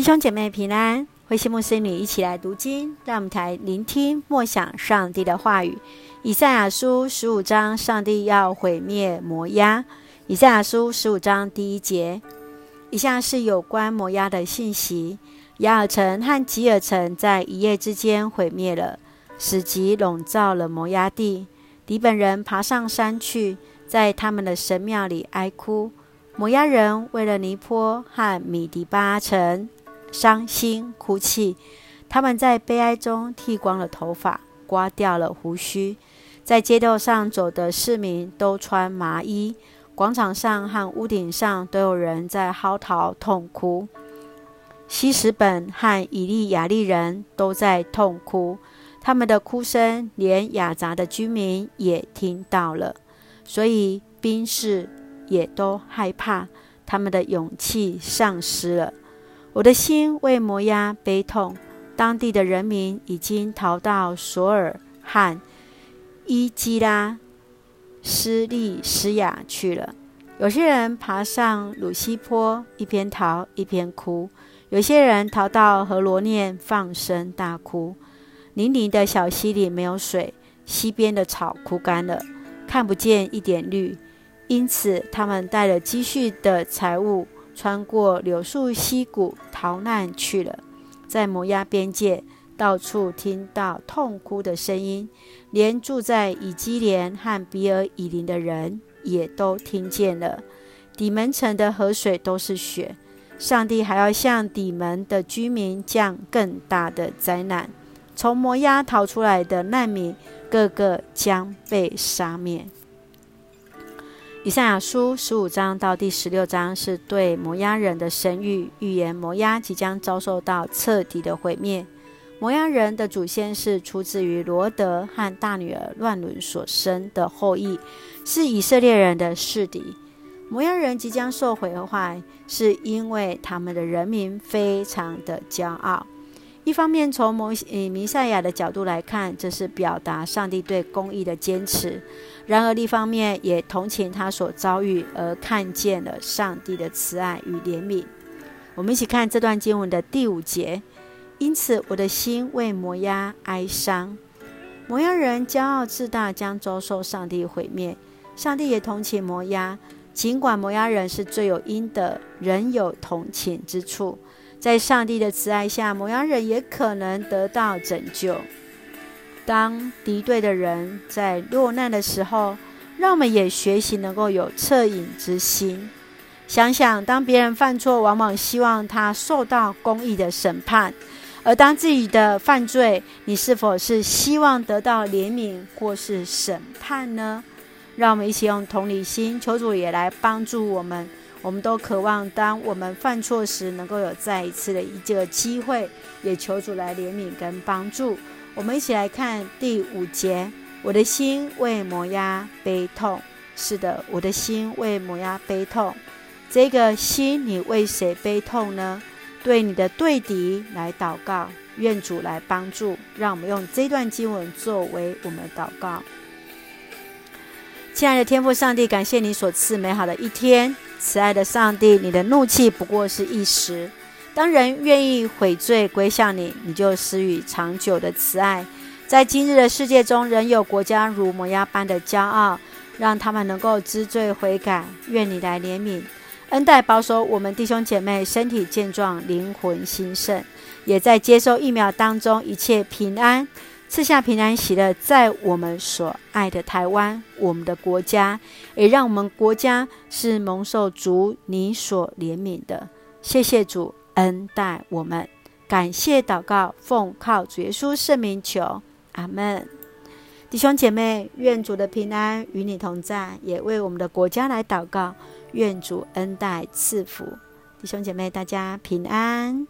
弟兄姐妹平安，歡迎牧師與你一起來讀經，讓我們來聆聽默想上帝的話語。以賽亞書十五章，上帝要毀滅摩押。以賽亞書十五章第一節，以下是有關摩押的信息：亞珥城和吉珥城在一夜之間毀滅了，死寂籠罩了摩押地。底本人爬上山去，在他們的神廟裡哀哭。摩押人為了尼波和米底巴城，傷心哭泣，他們在悲哀中剃光了頭髮，刮掉了鬍鬚。在街道上走的市民都穿麻衣，廣場上和屋頂上都有人在嚎啕痛哭。希實本和以利亞利人都在痛哭，他們的哭聲連雅雜的居民也聽到了，所以兵士也都害怕，他們的勇氣喪失了。我的心為摩押悲痛，當地的人民已經逃到瑣珥和伊基拉施利施亞去了。有些人爬上魯希坡，一邊逃，一邊哭；有些人逃到何羅念，放聲大哭。寧林的小溪裡沒有水，溪邊的草枯乾了，看不見一點綠。因此，他們帶了積蓄的財物。穿過柳樹溪谷逃難去了，在摩押邊界，到處聽到痛哭的聲音，連住在以基蓮和比珥以琳的人也都聽見了。底們城的河水都是血，上帝還要向底們的居民降更大的災難。從摩押逃出來的難民，個個將被殺滅。以賽亞書十五章到第十六章是對摩押人的神諭預言，摩押即將遭受到徹底的毀滅。摩押人的祖先是出自於羅得和大女兒亂倫所生的後裔，是以色列人的世敵。摩押人即將受毀壞，是因為他們的人民非常的驕傲。一方面從摩以彌賽亞的角度來看，這是表達上帝對公義的堅持；然而另一方面，也同情他所遭遇，而看見了上帝的慈愛與憐憫。我們一起看這段經文的第五節：因此，我的心為摩押哀傷。摩押人驕傲自大，將遭受上帝毀滅。上帝也同情摩押，儘管摩押人是罪有應得，仍有同情之處。在上帝的慈愛下，摩押人也可能得到拯救。當敵對的人在落難的時候，讓我們也學習能夠有惻隱之心。想想，當別人犯錯，往往希望他受到公義的審判；而當自己的犯罪，你是否是希望得到憐憫，或是審判呢？讓我們一起用同理心，求主也來幫助我們。我們都渴望，當我們犯錯時，能夠有再一次的一個機會，也求主來憐憫跟幫助。我們一起來看第五節：我的心為摩押悲痛。是的，我的心為摩押悲痛。這個心，你為誰悲痛呢？對你的對敵來禱告，願主來幫助。讓我們用這段經文作為我們的禱告。親愛的天父上帝，感謝你所賜美好的一天。慈愛的上帝，你的怒氣不過是一時。當人願意悔罪、歸向你，你就施予長久的慈愛。在今日的世界中，仍有國家如摩押般的驕傲，讓他們能夠知罪悔改。願你來憐憫、恩待、保守我們弟兄姐妹身體健壯、靈魂興盛，也在接受疫苗當中一切平安。賜下平安喜樂，在我們所愛的台灣，我們的國家，也讓我們國家是蒙受主你所憐憫的。謝謝主恩待我們，感謝禱告，奉靠主耶穌聖名求，阿門。弟兄姐妹，願主的平安與你同在，也為我們的國家來禱告，願主恩待賜福。弟兄姐妹，大家平安。